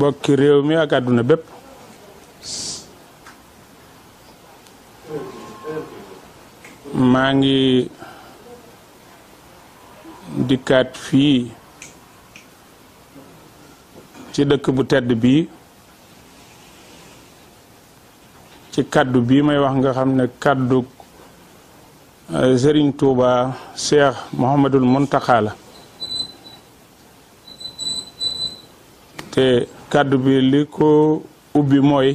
bokki rew mi ak aduna bepp mangi dikat fi ci dekk bu tedd bi ci kaddu bi may wax nga xamne kaddu euh, Serigne Touba Cheikh mohammedul muntakhala te kàddu bi li ko ubbi mooy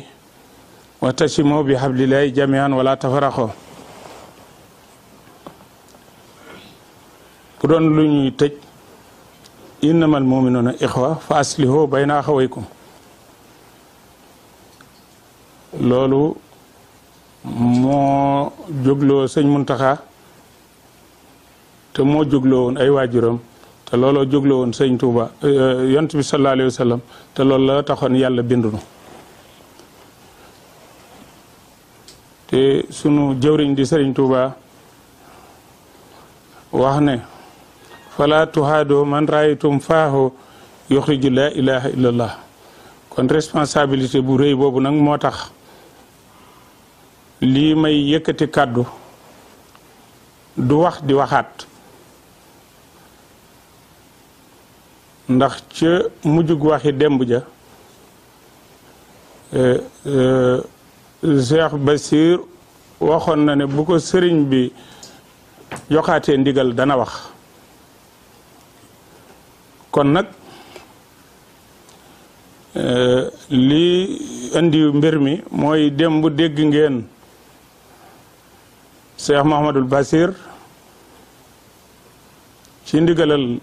watasimu bi hablillahi jamian wala tafaraxo bu doon lu ñuy tëj innamal muminuna ixwa fa asliho bayna axawaykum loolu moo jógloo sëñ Muntaxa te moo jógloo woon ay waajuram te looloo jógla woon sëñ eh, yont bi sallallahu alayhi wa te loolu la taxoon yàlla bindunu te sunu jëwriñ di sëriñ Touba wax ne fala tuhaado man raaytum faaho yuxriju la ilaha illallah kon responsabilité bu rëy boobu nag moo tax lii may yëkkati kàddu du wax di waxaat ndax ca mujjug waxi demb ja eh, eh, Cheikh Basir waxoon na ne bu ko sëriñ bi joxaatee ndigal dana wax kon nag eh, li indi mbir mi mooy demb dégg ngeen Cheikh Mahamadul Basir ci ndigalal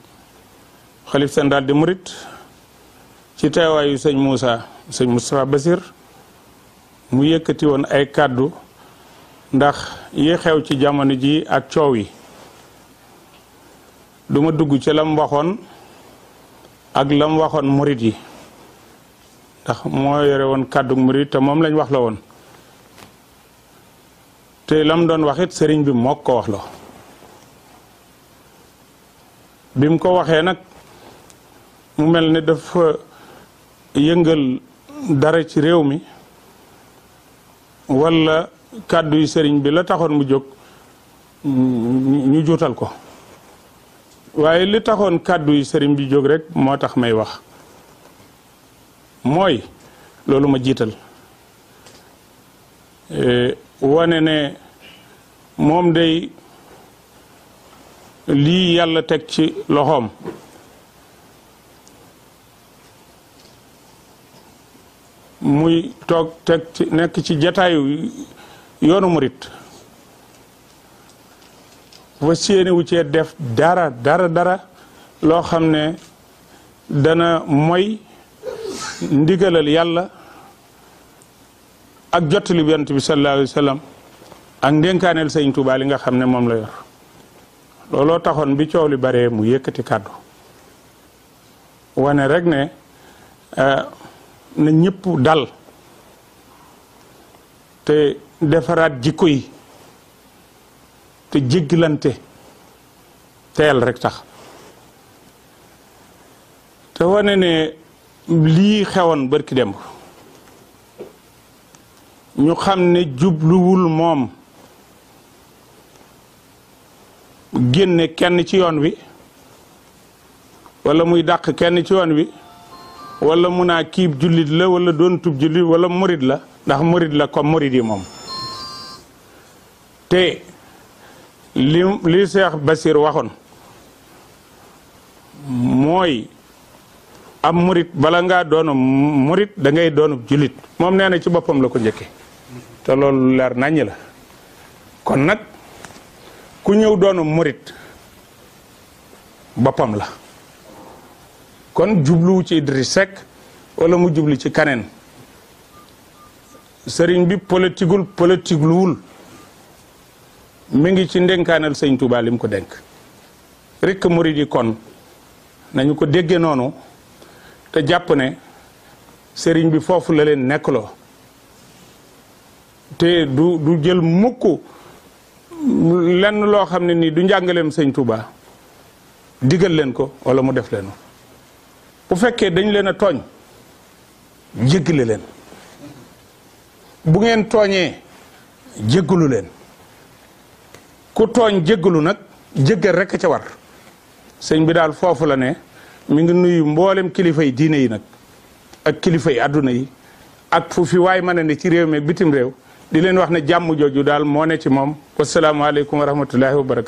sen dal di murid ci teewaayu seigne Moussa seigne Moustapha Basir mu yekati won ay kàddu ndax yi xew ci jamono ji ak ciow yi duma dugg ci lam waxon ak lam waxon murit yi ndax mo yore won kàddu murit te mom lañ wax la won te lam doon waxit sëriñ bi moko wax la bim ko waxe nak mu mel ni dafa yëngal dara ci réew mi wala kàddu yi sëriñ bi la taxoon mu jóg ñu juutal ko waaye li taxoon kàddu yi sëriñ bi jóg rek moo tax may wax mooy loolu ma jiital e, wane ne moom day lii yàlla teg ci loxoom muy toog teg ci nekk ci jataayu yoonu murit fa séene wu cee def dara dara dara loo xam ne dana moy ndigalal yàlla ak jottali yonent bi sallallahu alayhi ak ndénkaaneel sëñ Tuubaa li nga xam ne moom la yor looloo taxoon bi coow li baree mu yëkkati kàddu wane rek ne eh, na ñëpp dal te defaraat jikko yi te jéggilante teel rek tax te wane ne lii xewoon bërki demb ñu xam ne jubluwul moom génne kenn ci yoon wi walla muy daq kenn ci yoon wi wala muna kib julit la wala don tub julit wala murid la ndax murid la comme murid yi mom te li li Cheikh Basir waxon moy am murid bala nga don murid da ngay don julit mom nee ci bopam la ko njëkke té lolou leer nañ la kon nak ku ñew don murid bopam la kon jublu ci Idriss sek wala mu jublu ci kanen serigne bi politigul politigluwul mi ngi ci ndénkaanal serigne Touba lim ko denk rek mouride kon nañu ko dégge nonu te japp ne serigne bi fofu la len neklo te du du jël mukk len lo xam ni du jangalem serigne Touba len ko wala mu def bu fekkee dañ leen a tooñ jéggale leen bu ngeen tooñee jéggalu leen ku tooñ jéggalu nag jéggal rekk a ca war sëñ bi daal foofu la ne mu ngi nuyu mboolem kilifa yi diine yi nag ak kilifa yi àdduna yi ak fu fi waay mën a ne ci réew mi bitim réew di leen wax ne jàmm jooju daal moo ne ci moom wasalaamaaleykum wa rahmatullahi wa